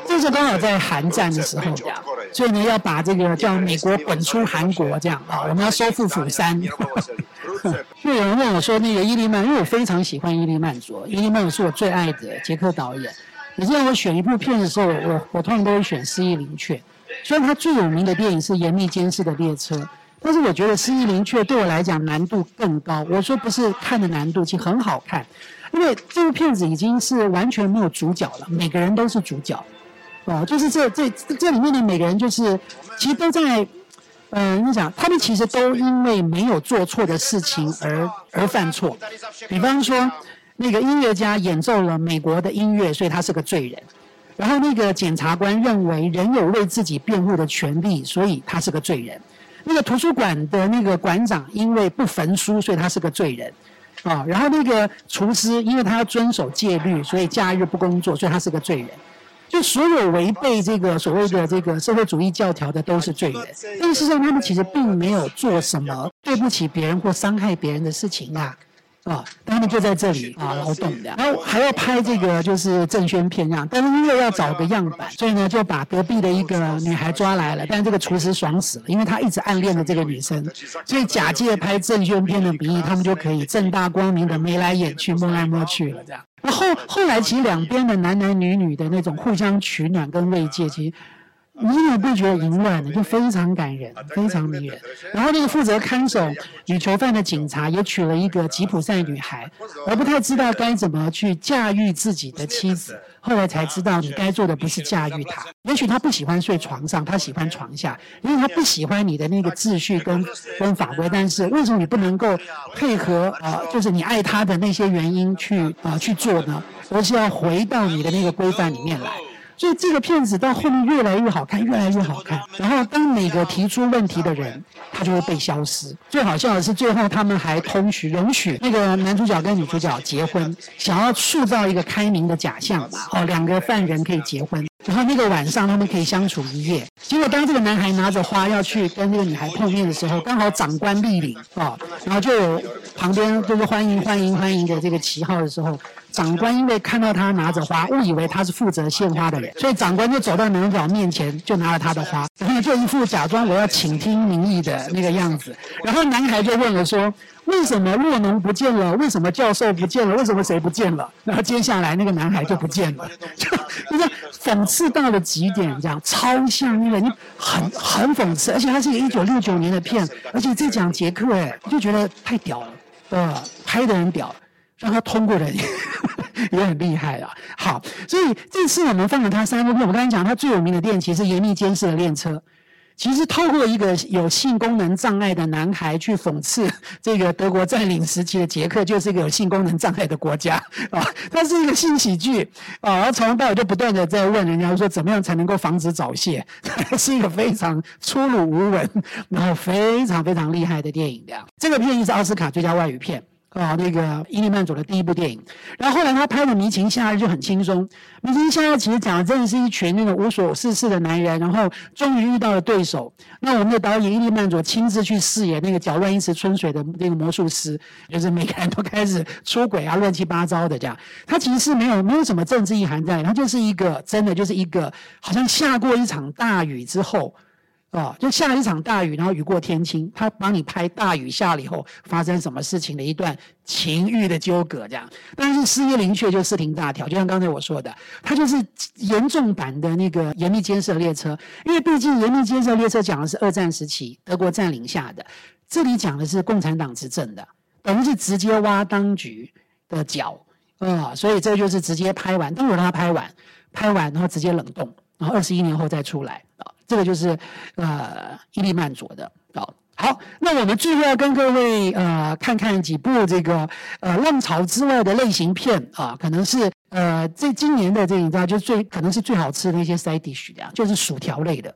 這是剛好在韓戰的時候這樣，所以呢要把這個叫美國滾出韓國這樣啊、哦，我們要收復釜山。 因為有人問我說：“那個伊利曼，因為我非常喜歡伊利曼佐，伊利曼是我最愛的捷克導演。你知道我選一部片子的時候，我我通常都會選《失翼靈雀》。雖然他最有名的電影是《嚴密監視的列車》，但是我覺得《失翼靈雀》對我來講難度更高。我說不是看的難度，其實很好看，因為這部片子已經是完全沒有主角了，每個人都是主角。哦，就是這這這裡面的每個人，就是其實都在。”嗯，你想，他們其實都因為沒有做錯的事情而而犯錯。比方說，那個音樂家演奏了美國的音樂，所以他是個罪人。然後那個檢察官認為人有為自己辯護的權利，所以他是個罪人。那個圖書館的那個館長因為不焚書，所以他是個罪人。啊，然後那個廚師因為他要遵守戒律，所以假日不工作，所以他是個罪人。就所有違背這個所謂的這個社會主義教條的都是罪人，但是事實上他們其實並沒有做什麼對不起別人或傷害別人的事情啊，啊，他們就在這裡啊勞動，然後還要拍這個就是政宣片啊，但是因為要找個樣板，所以呢就把隔壁的一個女孩抓來了，但是這個廚師爽死了，因為他一直暗戀的這個女生，所以假借拍政宣片的名義，他們就可以正大光明的眉來眼去，摸來摸去。那後後來，其實兩邊的男男女女的那種互相取暖跟慰藉，其實不知不覺隱亂了，就非常感人，非常迷人。然後那個負責看守女囚犯的警察，也娶了一個吉普賽女孩，而不太知道該怎麼去駕馭自己的妻子。後來才知道，你該做的不是駕馭他。也許他不喜歡睡床上，他喜歡床下，因為他不喜歡你的那個秩序跟跟法規。但是為什麼你不能夠配合啊、呃？就是你愛他的那些原因去啊、呃、去做呢？而是要回到你的那個規範裡面來。所以這個片子到後面越來越好看，越來越好看。然後當每個提出問題的人，他就會被消失。最好笑的是，最後他們還通許容許那個男主角跟女主角結婚，想要塑造一個開明的假象。哦，兩個犯人可以結婚，然後那個晚上他們可以相處一夜。結果當這個男孩拿着花要去跟這個女孩碰面的時候，剛好長官莅臨啊，哦，然後就有旁邊就是歡迎歡迎歡迎的這個旗號的時候。長官因為看到他拿着花，誤以為他是負責獻花的人，所以長官就走到男孩面前，就拿了他的花，然後就一副假裝我要傾聽民意的那個樣子。然後男孩就問了說：“為什麼若能不見了？為什麼教授不見了？為什麼誰不見了？”然後接下來那個男孩就不見了，就就這樣諷刺到了極點，這樣超像個，你很很諷刺，而且它是一個一九六九年的片，而且這講捷克、欸，哎，我就覺得太屌了，呃，拍的人屌。但他通過的人也,也很厲害啊，好，所以這次我們放了他三部片。我剛才講他最有名的電影其實《嚴密監視的練車》，其實透過一個有性功能障礙的男孩去諷刺這個德國占領時期的捷克，就是一個有性功能障礙的國家啊、哦，它是一個新喜劇啊、哦。然後從頭到尾就不斷的在問人家說，怎麼樣才能夠防止早泄？是一個非常粗魯無文，然後非常非常厲害的電影的這,這個片也是奧斯卡最佳外語片。啊、哦，那個伊利曼佐的第一部電影，然後後來他拍了《迷情夏日》，就很輕鬆。《迷情夏日》其實講的真的是一群那個無所事事的男人，然後終於遇到了對手。那我們的導演伊利曼佐親自去飾演那個攪亂一池春水的那個魔術師，就是每個人都開始出軌啊，亂七八糟的這樣。他其實是沒有沒有什麼政治意涵在，他就是一個真的就是一個好像下過一場大雨之後，哦，就下了一場大雨，然後雨過天晴，他幫你拍大雨下了以後發生什麼事情的一段情欲的糾葛這樣。但是《失翼靈雀》就事情大條，就像剛才我說的，他就是嚴重版的那個《嚴密監視的列車》，因為畢竟《嚴密監視的列車》講的是二戰時期德國占領下的，這裡講的是共產黨執政的，等於是直接挖當局的腳啊，所以這就是直接拍完，當我讓他拍完，拍完然後直接冷凍，然後二十一年後再出來啊。這個就是，呃，伊利曼佐的。好，好，那我們最後要跟各位呃看看幾部這個呃浪潮之外的類型片啊，呃，可能是呃這今年的這一招，就就最可能是最好吃的一些 side dish 這樣，就是薯條類的。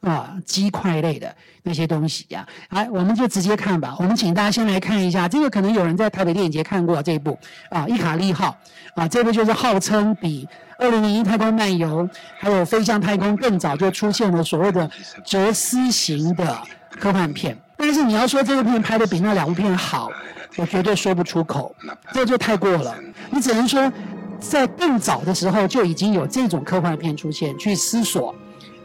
啊，雞塊類的那些東西呀、啊，好，我們就直接看吧。我們請大家先來看一下，這個可能有人在台北電影節看過這一部啊，《伊卡利號》啊，這部就是號稱比《2001太空漫遊》還有《飛向太空》更早就出現了所謂的哲思型的科幻片。但是你要說這個片拍得比那兩部片好，我絕對說不出口，這就太過了。你只能說，在更早的時候就已經有這種科幻片出現，去思索。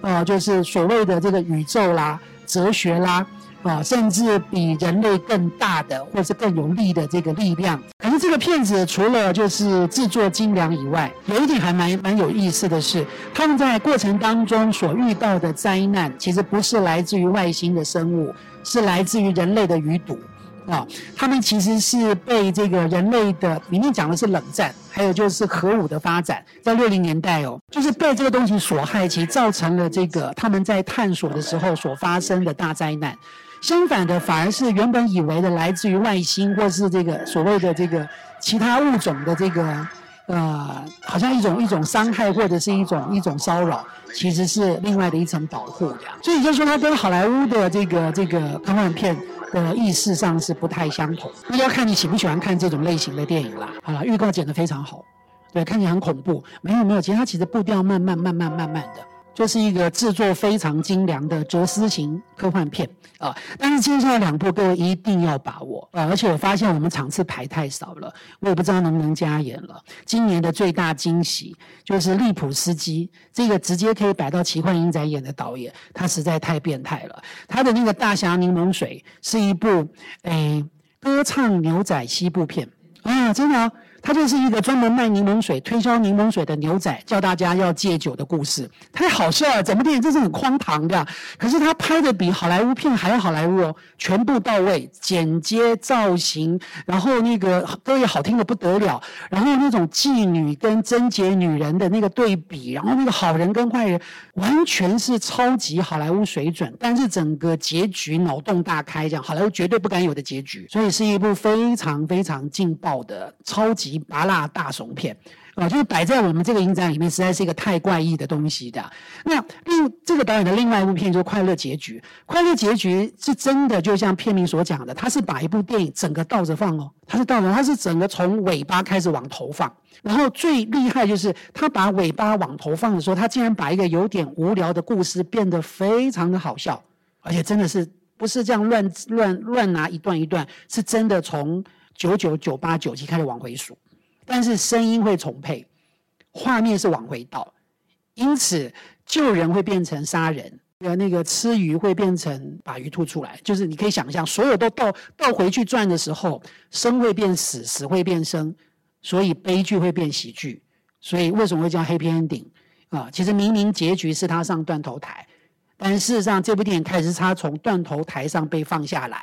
呃，就是所謂的這個宇宙啦、哲學啦，啊、呃，甚至比人類更大的，或是更有力的這個力量。可是這個片子除了就是製作精良以外，有一點還蠻蠻有意思的是，他們在過程當中所遇到的災難，其實不是來自於外星的生物，是來自於人類的餘毒。啊、呃，他們其實是被這個人類的，明明講的是冷戰。還有就是核武的發展，在六零年代哦，就是被這個東西所害，其實造成了這個他們在探索的時候所發生的大災難。相反的，反而是原本以為的來自於外星或是這個所謂的這個其他物種的這個呃，好像一種一種傷害或者是一種一種騷擾，其實是另外的一層保護。這樣，所以就說它跟好萊塢的這個這個科幻片。的意識上是不太相同，那要看你喜不喜歡看這種類型的電影啦。好了，預告剪得非常好，對，看起來很恐怖，沒有沒有，其實它其實步調慢慢、慢慢、慢慢的。就是一個製作非常精良的哲思型科幻片啊，但是接下來兩部各位一定要把握啊！而且我發現我們場次排太少了，我也不知道能不能加演了。今年的最大驚喜就是利普斯基這個直接可以擺到奇幻影展演的導演，他實在太變態了。他的那個《大俠檸檬水》是一部誒、哎、歌唱牛仔西部片啊，真的、哦。他就是一個專門賣檸檬水，推銷檸檬水的牛仔，叫大家要戒酒的故事，太好笑了。整部電影真是很荒唐的。可是他拍的比好萊塢片還要好萊塢，哦，全部到位，剪接、造型，然後那個歌也好聽的不得了。然後那種妓女跟貞潔女人的那個對比，然後那個好人跟壞人，完全是超級好萊塢水準。但是整個結局腦洞大開，這樣好萊塢絕對不敢有的結局。所以是一部非常非常勁爆的超級。麻辣大熊片啊、哦，就是擺在我們這個影展裡面，實在是一個太怪異的東西的。那另這個導演的另外一部片就是《快樂結局》，《快樂結局》是真的，就像片名所講的，他是把一部電影整個倒着放哦，他是倒着，他是整個從尾巴開始往頭放。然後最厲害就是他把尾巴往頭放的時候，他竟然把一個有點無聊的故事變得非常的好笑，而且真的是不是這樣亂亂亂拿一段一段，是真的從九九九八九七開始往回數。但是聲音會重配，畫面是往回倒，因此救人會變成殺人，呃，那個吃魚會變成把魚吐出來，就是你可以想象，所有都倒倒回去轉的時候，生會變死，死會變生，所以悲劇會變喜劇。所以為什麼會叫 happy ending 啊？其實明明結局是他上斷頭台，但是事實上這部電影開始是他從斷頭台上被放下來。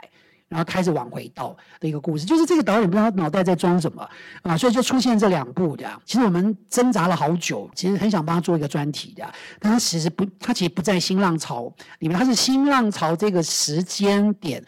然後開始往回倒的一個故事，就是這個導演不知道他腦袋在裝什麼啊，所以就出現這兩部這樣。其實我們掙扎了好久，其實很想幫他做一個專題的，但他其實不，他其實不在新浪潮裡面，他是新浪潮這個時間點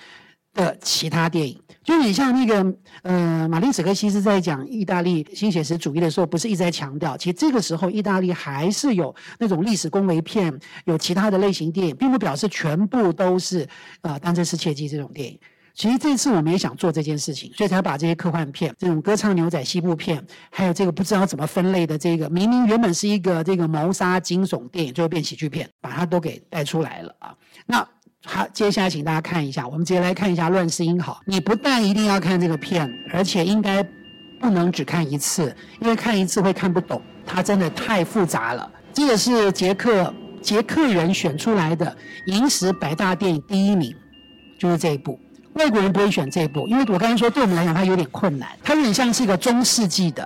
的其他電影。就你像那個呃，馬丁史克西斯在講意大利新寫實主義的時候，不是一直在強調，其實這個時候意大利還是有那種歷史恭維片，有其他的類型電影，並不表示全部都是啊，呃，單車失竊記這種電影。其實這次我們也想做這件事情，所以才把這些科幻片、這種歌唱牛仔西部片，還有這個不知道怎麼分類的這個，明明原本是一個這個謀殺驚悚電影，最後變喜劇片，把它都給帶出來了啊。那好，接下來請大家看一下，我們直接來看一下《亂世英豪》好。你不但一定要看這個片，而且應該不能只看一次，因為看一次會看不懂，它真的太複雜了。這個是捷克捷克人選出來的影史百大電影第一名，就是這一部。外國人不會選這一部，因為我剛才說，對我們來講它有點困難，它有點像是一個中世紀的，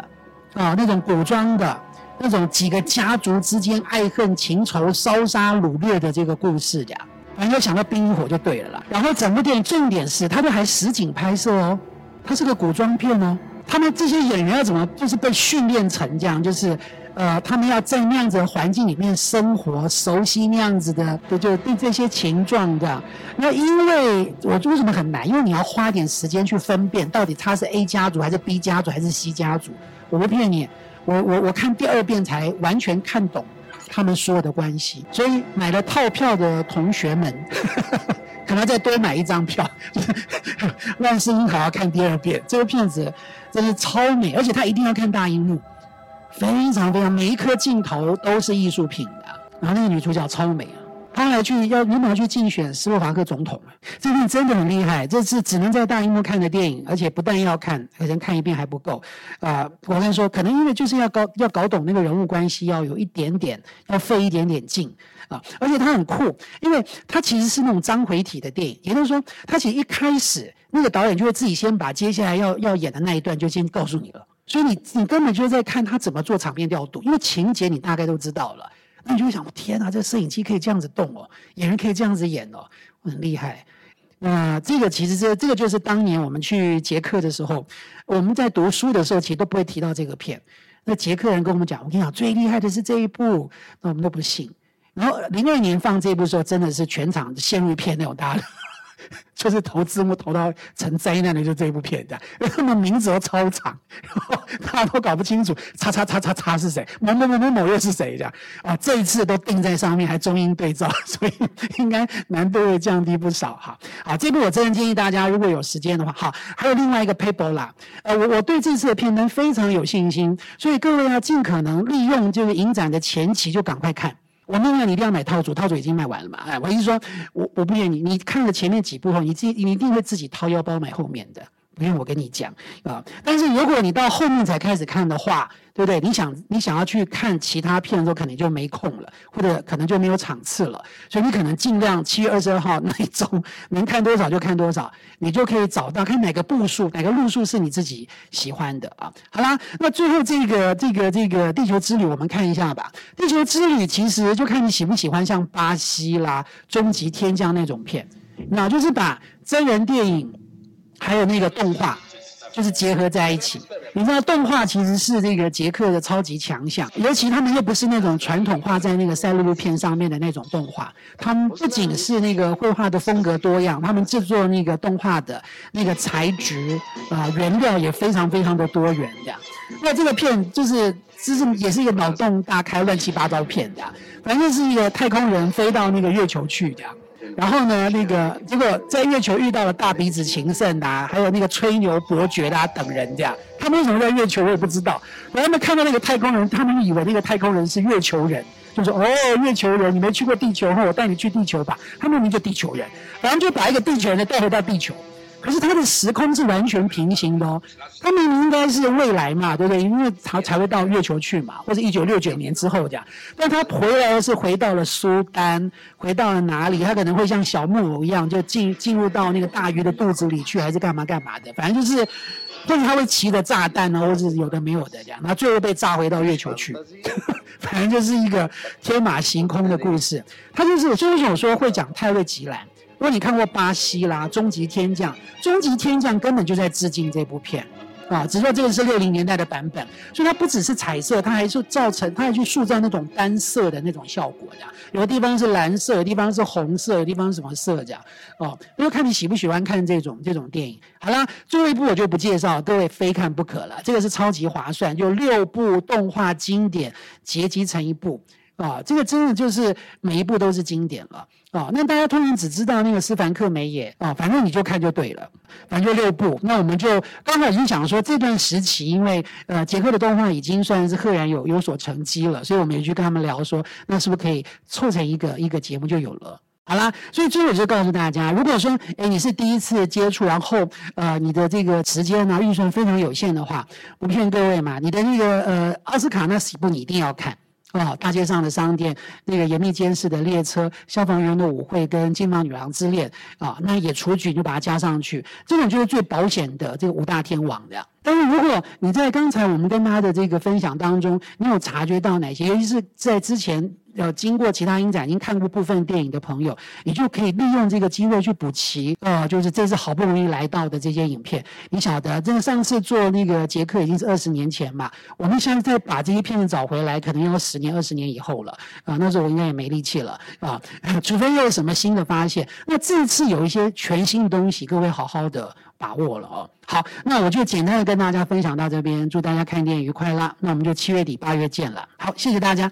啊、呃，那種古裝的，那種幾個家族之間愛恨情仇、燒殺擄掠的這個故事這樣，反正就想到冰與火就對了啦。然後整部電影重點是，他們還實景拍攝哦，它是個古裝片哦，他們這些演員要怎麼就是被訓練成這樣，就是。呃，他們要在那樣子的環境裡面生活，熟悉那樣子的，不就對這些情狀的？那因為我為什麼很難？因為你要花點時間去分辨，到底他是 A 家族還是 B 家族還是 C 家族。我不騙你，我我我看第二遍才完全看懂他們所有的關係。所以買了套票的同學們，呵呵可能再多買一張票，萬事英好好看第二遍。這個片子真是超美，而且他一定要看大熒幕。非常非常，每一顆鏡頭都是藝術品的。然後那個女主角超美啊，她還去要女某去競選斯洛伐克總統，這是真的很厲害。這是只能在大熒幕看的電影，而且不但要看，好像看一遍還不夠。啊、呃，我跟你說，可能因為就是要搞要搞懂那個人物關係，要有一點點，要費一點點勁啊、呃。而且她很酷，因為她其實是那種章回體的電影，也就是說，他其實一開始那個導演就會自己先把接下來要要演的那一段就先告訴你了。所以你你根本就在看他怎麼做場面調度，因為情節你大概都知道了，那你就會想，天啊，這攝影機可以這樣子動哦，演員可以這樣子演哦，很厲害。那、呃、這個其實是這個就是當年我們去捷克的時候，我們在讀書的時候其實都不會提到這個片。那捷克人跟我們講，我跟你講最厲害的是這一部，那我們都不信。然後零二年放這一部時候，真的是全場陷入一片那種大的。就是投資，我投到成災難的就這一部片的，因為他們名字都超長，然後大家都搞不清楚，叉叉叉叉叉是誰，某某某某某又是誰的啊？這一次都定在上面，還中英對照，所以應該難度會降低不少哈。好，好，這部我真的建議大家，如果有時間的話，好，還有另外一個 paper 啦。呃，我我對這次的片單非常有信心，所以各位要盡可能利用就是影展的前期就趕快看。我那樣你一定要買套組，套組已經賣完了嘛？哎，我是說我我不騙你，你看了前面幾部後，你自己你一定會自己掏腰包買後面的。不、嗯、用我跟你講啊、嗯，但是如果你到後面才開始看的話，對不對？你想你想要去看其他片的時候，可能就沒空了，或者可能就沒有場次了。所以你可能儘量七月二十二號那一週，能看多少就看多少，你就可以找到看哪個部數、哪個路數是你自己喜歡的啊。好啦，那最後這個、這個、這個《地球之旅》，我們看一下吧。《地球之旅》其實就看你喜不喜歡像巴西啦、終極天將那種片，那就是把真人電影。還有那個動畫，就是結合在一起。你知道，動畫其實是這個捷克的超級強項，尤其他們又不是那種傳統畫在那個賽璐璐片上面的那種動畫。他們不僅是那個繪畫的風格多樣，他們製作那個動畫的那個材質啊、呃、原料也非常非常的多元的。那這個片就是就是也是一個腦洞大開、亂七八糟片的，反正是一個太空人飛到那個月球去的。然後呢，那個結果在月球遇到了大鼻子情聖啊，還有那個吹牛伯爵啦、啊、等人這樣。他們為什麼在月球我也不知道。然後他們看到那個太空人，他們以為那個太空人是月球人，就說、是：“哦，月球人，你沒去過地球哈，我帶你去地球吧。”他們以為地球人，然後就把一個地球人帶回到地球。可是他的時空是完全平行的哦，他明明應該是未來嘛，對不對？因為他才會到月球去嘛，或是一九六九年之後這樣。但他回來是回到了蘇丹，回到了哪裡？他可能會像小木偶一樣，就進進入到那個大魚的肚子裡去，還是幹嘛幹嘛的？反正就是，但是他會騎着炸彈呢、哦，或者有的沒有的這樣，他最後被炸回到月球去呵呵，反正就是一個天馬行空的故事。他就是就是有時候會講太尉吉蘭。如果你看過《巴西》啦，《終極天將》，《終極天將》根本就在致敬這部片，啊，只是說這個是六零年代的版本，所以它不只是彩色，它還是造成，它還去塑造那種單色的那種效果的，有的地方是藍色，有的地方是紅色，有的地方是什麼色這樣，哦、啊，要、就是、看你喜不喜歡看這種這種電影。好啦，最後一部我就不介紹，各位非看不可了，這個是超級划算，就六部動畫經典結集成一部。啊，這個真的就是每一部都是經典了啊！那大家通常只知道那個斯凡克、梅耶，啊，反正你就看就對了，反正就六部。那我們就剛才已經講說，這段時期因為呃，捷克的動畫已經算是赫然有有所成績了，所以我們也去跟他們聊說，那是不是可以湊成一個一個節目就有了？好啦，所以最後就告訴大家，如果說哎你是第一次接觸，然後呃你的這個時間呢、啊、預算非常有限的話，我勸各位嘛，你的那個呃奧斯卡那幾部你一定要看。啊、哦，大街上的商店、那個嚴密監視的列車、消防員的舞會跟金髮女郎之戀。啊、哦，那也雛菊就把它加上去，這種就是最保險的，這個五大天王的。但是如果你在剛才我們跟他的這個分享當中，你有察覺到哪些？尤其是在之前呃，經過其他影展已經看過部分電影的朋友，你就可以利用這個機會去補齊呃，就是這次好不容易來到的這些影片。你曉得，這個上次做那個捷克已經是二十年前嘛，我們現在再把這些片子找回來，可能要十年二十年以後了啊、呃，那時候我應該也沒力氣了啊、呃，除非又有什麼新的發現。那這次有一些全新的東西，各位好好的。把握了哦！好，那我就簡單的跟大家分享到這邊，祝大家看電影愉快啦，那我們就七月底八月見了，好，謝謝大家。